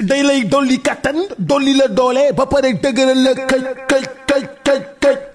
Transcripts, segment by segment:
day lay dolli kattan dolli la doole ba pare dëgëral la këj këj këj këj këj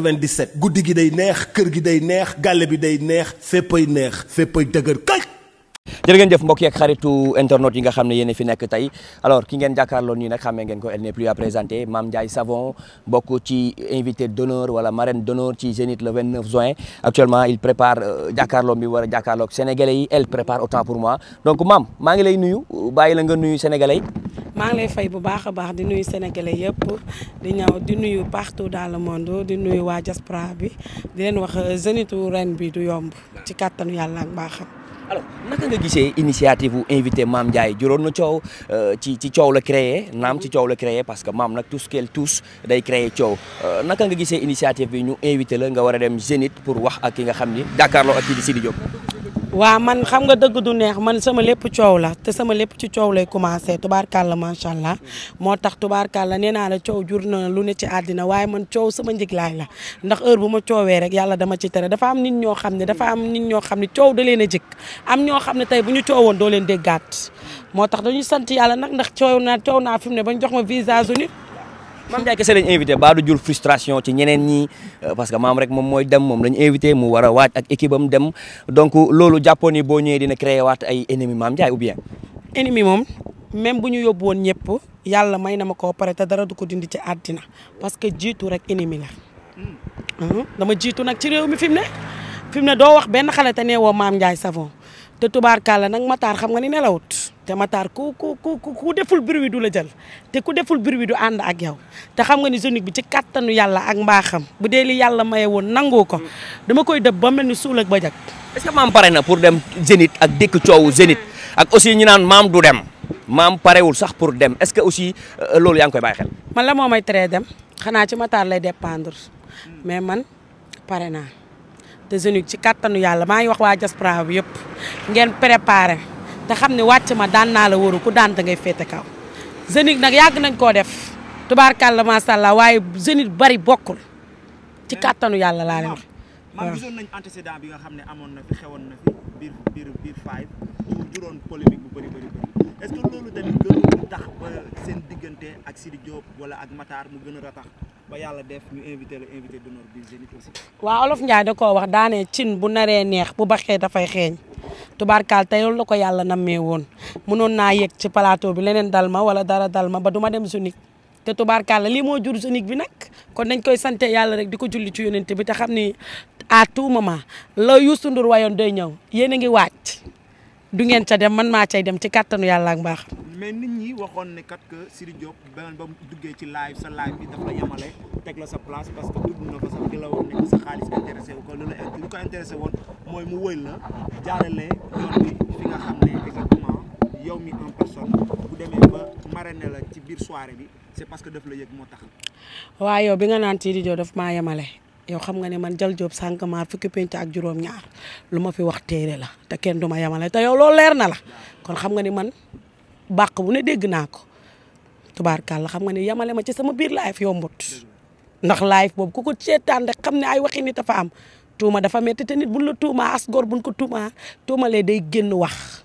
97 guddi gi day neex kër gi day neex gàlle bi day neex féppay neex féppay dëgër kay jërë ngeen jëf mbokk yeeg xaritu internet yi nga xam ne yéen fi nekk tey alors ki ngeen jàkkaarloo nii nag xamee ngeen ko elle n'est plus à présenter Mame Ndiaye Savon bokk ci invité d'honneur wala marraine d'honneur ci Zénith le 29 juin actuellement il prépare euh, jàkkaarloo bi war a jàkkaarloog sénégalais yi elle prépare autant pour moi donc Mame maa ngi lay nuyu bàyyi la nga nuyu sénégalais maa ngi lay fay bu baax a baax di nuyu sénégalais yëpp di ñëw di nuyu partout dans le monde di nuyu waa diaspora bi di leen wax euh, zénitu ren bi du yomb ci kàttanu yàlla ak baaxam. alors naka nga gisee initiative bu invité Mame Ndiaye juróon na coow euh, ci ci coow la créer naam ci coow la créé parce que maam nag tout ce tous day créé coow euh, naka nga gisee initiative bi ñu invité la nga war a dem Zénith pour wax ak ki nga xam ni jàkkaarloo ak kii di Sidi waa man xam nga dëgg du neex man sama lépp coow la te sama lépp ci coow lay commencé tubaarkàlla macha allah moo tax tubaarkàlla nee naa la coow jur na lu ne ci àddina waaye man coow sama njëglaay la ndax heure bu ma coowee rek yàlla dama ci tere dafa am nit ñoo xam ne dafa am nit ñoo xam ne coow da leen a jëkk am ñoo xam ne tey bu ñu coowoon doo leen déggaat moo tax dañu sant yàlla nag ndax coow naa coow naa fi mu ne bañ jox ma visa su Mame Ndiaye kese lañ invité ba du jur frustration ci ñeneen ñi euh, parce que maam rek moom mooy dem moom lañ invité mu war a waaj ak équipe dem donc loolu jàppoo ni boo ñëwee dina créé waat ay ennemi Mame Ndiaye ou bien. ennemi moom même bu ñu yóbbu woon ñëpp yàlla may na ma ko pare te dara du ko dindi ci àddina parce que jiitu rek ennemi la. Hmm. Hmm? dama jiitu nag ci réew mi fi mu ne fi mu ne doo wax benn xale te nee woo Mame Ndiaye Savon te tubaarkàlla nag Matar xam nga ni nelawut te mataar ku ku ku ku deful bruit du la jël te ku deful bruit du ànd ak yow te xam nga ni zonique bi ci kattanu yàlla ak mbaaxam bu dee li yàlla maye woon nangoo ko dama koy dëb ba mel ni suul ak bëjëk. est maam pare na pour dem Zénith ak dëkk coowu Zénith ak aussi ñu naan maam du dem maam parewul sax pour dem est-ce que aussi euh, loolu yaa ngi koy bàyyi xel. man la moo may teree dem xanaa ci Matar lay dépendre mais man pare naa te Zénith ci kattanu yàlla maa ngi wax waa jas bi yëpp ngeen préparé. te xam ne wàcc ma daan naa la waru ku daan da ngay féete kaw Zénith nag yàgg nañ koo def tubaarkàlla ma allah waaye Zénith bari bokkul ci eh, kàttanu yàlla laa leen wax. waaw gisoon nañ bi nga xam ne amoon na xewoon na biir biir biir five mu juróon tax ba seen diggante ak Sidi Diop wala ak Matar mu gën a ratax ba yàlla def ñu invité la invité d'honneur bi Zénith Olof Ndiaye da koo wax daane cin bu naree neex bu baxee dafay xeeñ. tubaar kaal te loolu la ko yàlla nammee woon mënoon naa yeg ci plateau bi leneen dal ma wala dara dal ma ba duma dem dem Zénith te tubaarkaal la lii moo jur Zénith bi nag kon nañ koy sante yàlla rek di ko julli ci yonent bi te xam ni à tout moment la Youssou Ndour wayoon day ñëw yéen a ngi waaj du ngeen ca dem man maa cay dem ci kattanu yàlla ak mbaaxam mais nit ñi waxoon ne kat que Sidy Diop beneen ba duggee ci live sa live bi dafa yemale teg la sa place parce que dugg na fa la woon sa xaalis intéressé wu ko lu woon mooy mu wëy la jaarale yoon bi fi nga xam ne exactement yow mi en personne bu demee ba marraine la ci biir soirée bi c'est parce que daf la yëg moo tax. waaw yow bi nga naan Sidy Diop daf maa yemale. yow xam nga ne man Jal Diop sànq maar fukki penc ak juróom-ñaar lu ma fi wax téere la te kenn du ma yemale te yow loo leer na la kon xam nga ni man bàq bu ne dégg naa ko tubaar la xam nga ne yamale ma ci sama biir live yombut ndax live boobu ku ko seetaan da xam ne ay waxi nit dafa am tuuma dafa metti te nit buñ la tuuma as gor buñ ko tuuma tuumalee day génn wax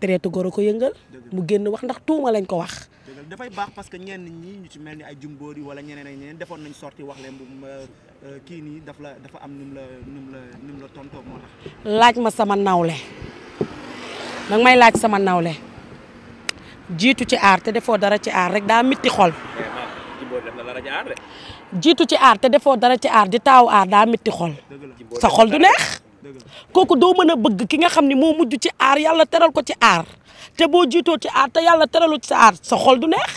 traité goro ko yëngal mu génn wax ndax tuuma lañ ko wax. dafay baax parce que nit ñi ñu ci mel ni ay jumboor yi wala ñeneen ak ñeneen defoon nañ sorti wax leen bu euh, euh, kii nii daf la dafa am num la num la num la tontoo moo laaj ma sama nawle danga may laaj sama nawle. jiitu ci aar te defoo dara ci aar rek daa mitti xol. jiitu ci aar te defoo dara ci aar di taaw aar daa mitti xol sa xol du neex kooku doo mën a bëgg ki nga xam ne moo mujj ci aar yàlla teral ko ci aar te boo jiitoo ci aar te yàlla teralu ci sa aar sa xol du neex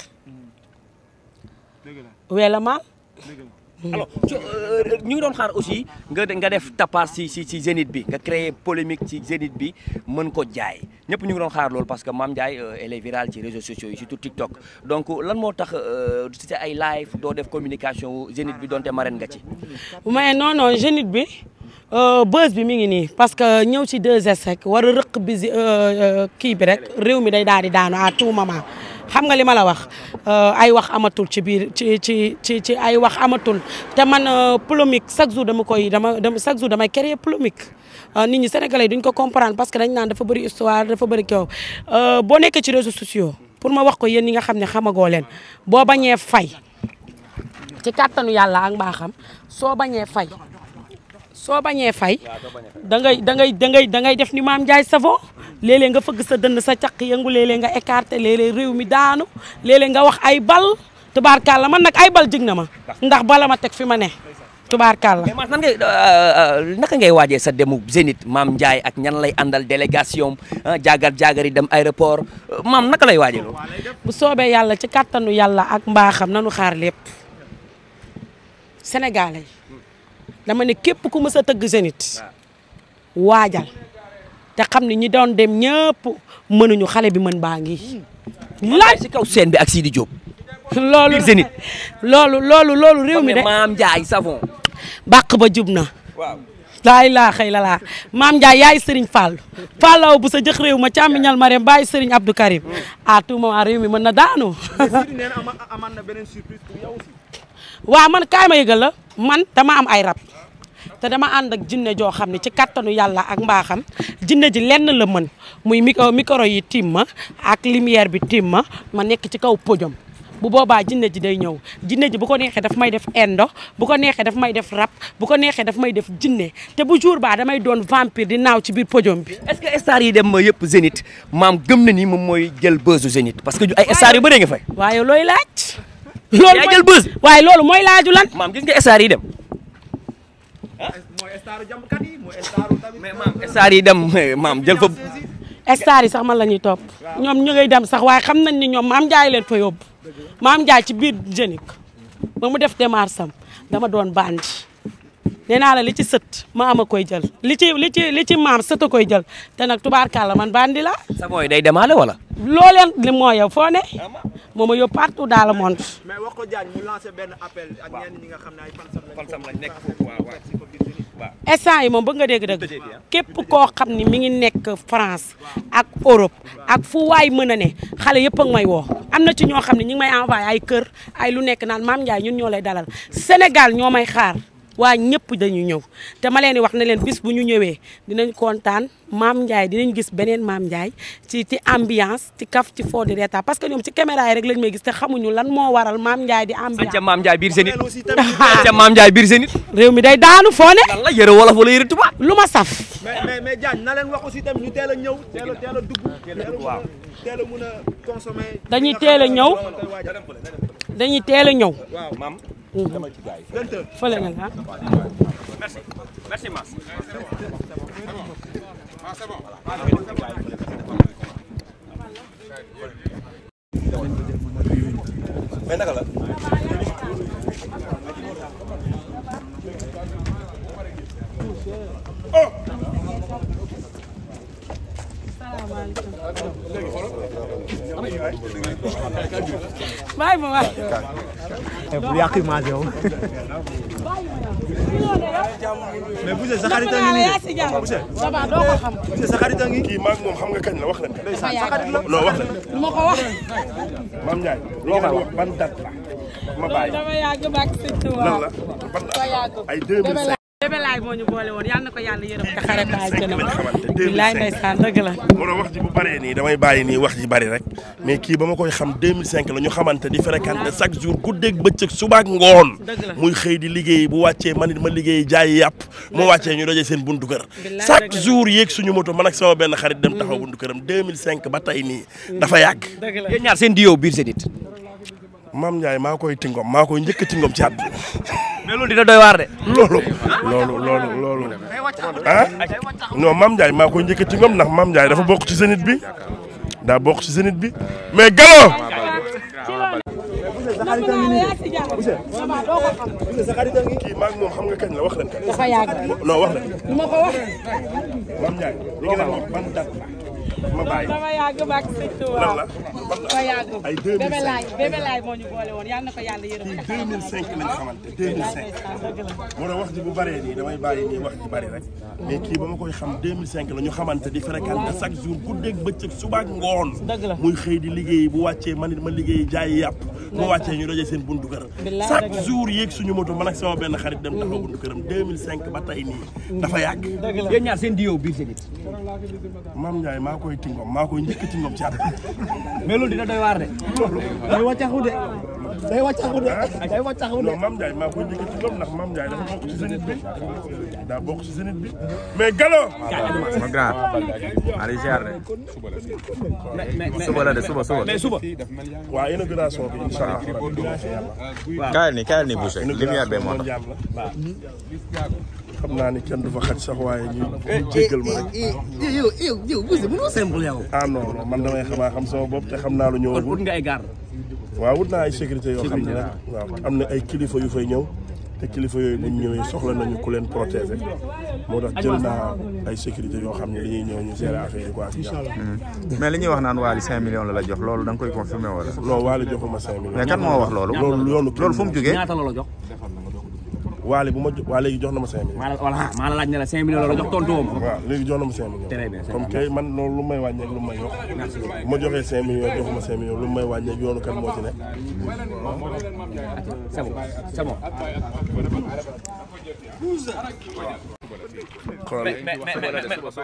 weela maal Mm. alors euh, ñu ngi doon xaar aussi nga nga def tapas ci ci ci Zénith bi nga créer polémique ci Zénith bi mën ko jaay ñëpp ñu ngi doon xaar loolu parce que Mame Ndiaye euh, elle est virale ci réseaux sociaux yi surtout TikTok donc lan moo tax ci euh, ay live doo def communication wu Zénith bi donte marraine nga ci. mais non non Zénith bi buzz bi mi ngi nii parce que ñëw ci 2S rek war a rëq bi kii bi rek réew mi day daal di daanu à tout moment. xam nga li ma la wax euh, ay wax amatul ci biir ci ci ci ci ay wax amatul te man euh, polémique chaque jour dama koy dama chaque jour damay créer polémique ñu euh, ñi sénégalais duñ ko comprendre parce que dañ naan dafa bëri histoire dafa bëri kaw boo nekkee ci réseau sociaux pour ma wax ko yéen ni nga xam ne xamagoo leen boo bañee fay ci kàttanu yàlla ak mbaaxam soo bañee fay soo bañee fay da ngay da ngay da da ngay def ni maam Ndiaye Savon léeg-léeg nga fëgg sa dënn sa caq yëngu léeg nga écarté léeg-léeg réew mi daanu léeg-léeg nga wax ay bal la man nag ay bal jig na ma ndax bala ma teg fi ma ne tubaarkàlla mais nan ngay euh, euh, naka ngay waajee sa demu Zénith maam Ndiaye ak ñan lay àndal délégation ah, jaagar jaagar yi dem aéroport euh, maam naka lay waajee loolu bu soobee yàlla ci kattanu yàlla ak mbaaxam nanu xaar lépp sénégalais dama ne képp ku mës a tëgg senit waajal te xam ne ñi doon dem ñëpp mënuñu xale bi mën baa ngi. lan ci kaw seen bi ak Sidi Diop. loolu Zénith loolu loolu loolu réew mi de maam Ndiaye savon. bàq ba jub na. waaw laay laa xëy la laa maam Ndiaye yaay Serigne Fall Fallaw bu sa jëx réew ma càmmiñal ma rem bàyyi Serigne abdu Karim à mm. ah, tout moment réew mi mën na daanu. na beneen waaw man kaay ma yëgal la man dama am ay rab te dama ànd ak jinne joo xam ne ci kattanu yàlla ak mbaaxam jinne ji lenn la mën muy micro euh, micro yi tiim ma ak lumière bi tiim ma ma nekk ci kaw podium bu boobaa jinne ji day ñëw jinne ji bu ko neexee daf may def endo bu ko neexee daf may def rab bu ko neexee daf may def jinne te bu jour baa damay doon vampire di naaw ci biir podium bi. est-ce que stars yi dem ma yëpp Zénith maam gëm na ni moom mooy jël buzzu Zénith parce que ay stars yu bëree nga loolu yaa jël bës waaye loolu mooy laaju lan. maam gis nga dem. Ah, mooy star jàmmkat yi yi dem maam jël fa. star yi sax man la ñuy topp ñoom ñu ngay dem sax waaye xam nañ ni ñoom maam Ndiaye leen fa yóbbu maam Ndiaye ci biir Jenik ba mu def démarche sam dama doon bandi nee naa la li ci sët maam koy jël li ci li ci li ci maam sët koy jël te nag tubaarkàlla man bandi la. sa booy day demaale wala. moo ma yóbbu partout dans le monde. mais wax ko Diagne lancé benn appel ak nga xam ne ay fansam yi moom bëgg nga dégg dëgg képp koo xam ni mi ngi nekk France ak Europe ak fu waay mën ne xale yëpp ak may woo am na ci ñoo xam ne ñu ngi may envoyé ay kër ay lu nekk naan Mame Ndiaye ñun ñoo lay dalal Sénégal ñoo may xaar. waa ñëpp dañu ñëw te ma leen di wax ne leen bis bu ñu ñëwee dinañ kontaan maam Ndiaye dinañ gis beneen maam Ndiaye ci ci ambiance ci kaf ci foo di parce que ñoom ci caméra yi rek lañ may gis te xamuñu lan moo waral maam Ndiaye di ambiance. maam Ndiaye biir Zénith ca maam Ndiaye biir Zénith. réew mi day daanu foo ne. lan la yëre wolof wala yëre tubaab lu ma saf. mais mais na leen wax aussi tamit ñu teel a ñëw. teel a ah, waaw a mën a dañuy teel a ñëw dañuy teel a ñëw. demal ci gars yi fële na la merci merci ma mais naka bàyyi ma waay. Eh, bu yàq image yow. mais Boucher sa xarit a ngi nii de Boucher. Boucher sa xarit a ngi. kii maag moom xam nga kañ la wax la. sa xarit la loo wax la. lu ma ko wax. Mame Ndiaye loo ko wax ban date la. ma bàyyi dama yàgg ba ak sëñ Tuubaa. lan la ban ay 2005. bébé laay moo ñu boole woon yal na ko yàlla yërëm te xare ko àjjana bilaay ndeysaan wax ji bu bëree nii damay bàyyi nii wax ji bëri rek mais kii ba ma koy xam 2005 la ñu xamante di fréquenté chaque jour guddeeg bëccëg subaak ngoon muy xëy di liggéey bu wàccee man it ma liggéey jaay yàpp moo wàccee ñu dajee seen buntu kër chaque jour yéeg suñu moto man ak sama benn xarit dem taxaw mm-hmm. buntu këram 2005 ba tey nii mm-hmm. dafa yàgg yéen ñaar seen diyoo biir seen it maam maa koy tingom maa koy njëkk a tingom ci àdduna mais loolu dina doy loolu loolu loolu loolu. ah non Mame Ndiaye maa ko njëkk ci ngom ndax Mame Ndiaye dafa bokk ci Zénith bi daa bokk ci Zénith bi mais Gallo. kii maa xam nga kañ la wax lan. dafa ma bàyyi dama yàgg bàq si tubaab lan la ay 2005 ñu boole woon yàlla na ko yàlla yërëm. fii 2005 lañ xamante 2005. moo tax wax bu bëree nii damay bàyyi nii wax ji bëri rek mais ma koy xam 2005 la ñu xamante di fréquenté chaque jour guddeeg bëccëg suba ak ngoon. dëgg la muy xëy di liggéey bu wàcce man it ma liggéey jaay yàpp. moo wàccee ñu dajee seen buntu këram. chaque jour yéeg suñu moto man ak sama benn xarit dem taxaw buntu këram 2005 ba tey nii. dafa yàgg. dëgg la ñaar seen diw biir seen it. Mame koy tingom maa koy njëkk tingom ci àdduna mais loolu dina doy waar de day wàccaxu de day wàccaxu de day wàccaxu de Mame Ndiaye maa koy njëkk tingom ndax Mame Ndiaye dafa bokk ci Zénith bi daa bokk ci Zénith bi mais Gallo ma grand Aliou Ziar de suba la de suba suba mais suba waaw inauguration bi incha allah kaayal ni kaayal ni boucher lumière bee moo tax xam naa ne kenn du fa xaj sax waaye ñu eh, ñu jéggal ma eh, rek. Eh, yow yow yow Boucher mënoo simple yow. Ah, man damay xamaa xam soo bopp te xam naa lu ñëwagul. kon wut nga waaw wut naa ay sécurité yoo xam ne nag waaw am na ay kilifa yu fay ñëw. te kilifa yooyu bu ñu ñëwee soxla nañu ku leen protéger moo tax jël naa ay sécurité yoo xam ne dañuy ñëw ñu gérer affaire yi quoi si hmm. jàpp. mais li ñuy wax naan Waly 5 millions la la jox loolu da koy confirmer wala. non Waly joxuma 5 millions. kan moo wax loolu. loolu yoonu loolu ñaata la jox. waale bu ma waa léegi jox na ma cinq millions maa léegi jox na ma cinq millions très kay man loolu lu may wàññi ak lu may yokk yoonu kan moo ci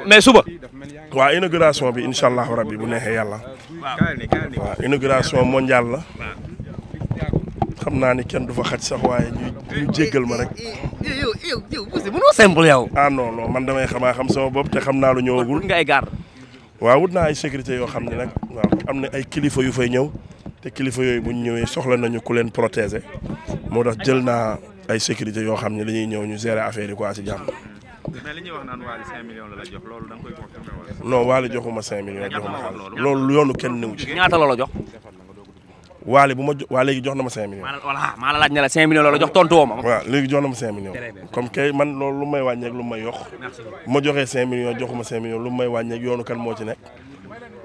mais suba. waaw inauguration bi incha allahu rabbi bu neexee yàlla. waaw inauguration mondiale la. xam naa ni kenn du fa xaj sax waaye ñuy ñu jéggal ma rek. Eh, eh, eh, yow yow simple yow. ah non man damay xamaa xam sama bopp te xam naa lu ñëwagul. nga waaw wut naa ay sécurité yoo xam ne nag waaw am na ay kilifa yu fay ñëw te kilifa yooyu bu ñëwee soxla nañu ku leen protéger moo tax jël naa ay sécurité yoo xam ne dañuy ñëw ñu gérer affaire yi quoi si jàmm. mais li ñuy wax naan la la loolu da nga koy confirmer wala. non Waly joxuma 5 millions joxuma xaalis loolu yoonu kenn newu ci. ñaata la la jox. waale bu ma jo waa léegi jox na ma 5 millions. voilà la laaj ne la 5 millions loola jox tontu woo ma. waaw léegi jox na ma 5 millions. comme kay man loolu lu may wàññeek lu may yokk. bu ma joxee 5 millions joxu ma 5 millions lu may wàññeek yoonu kan moo ci nekk.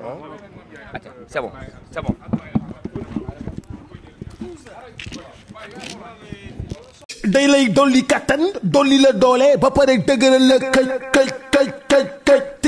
Ah. c'est bon c'est bon. day lay dolli kattan dolli la doole ba pare dëgëral la këj këj.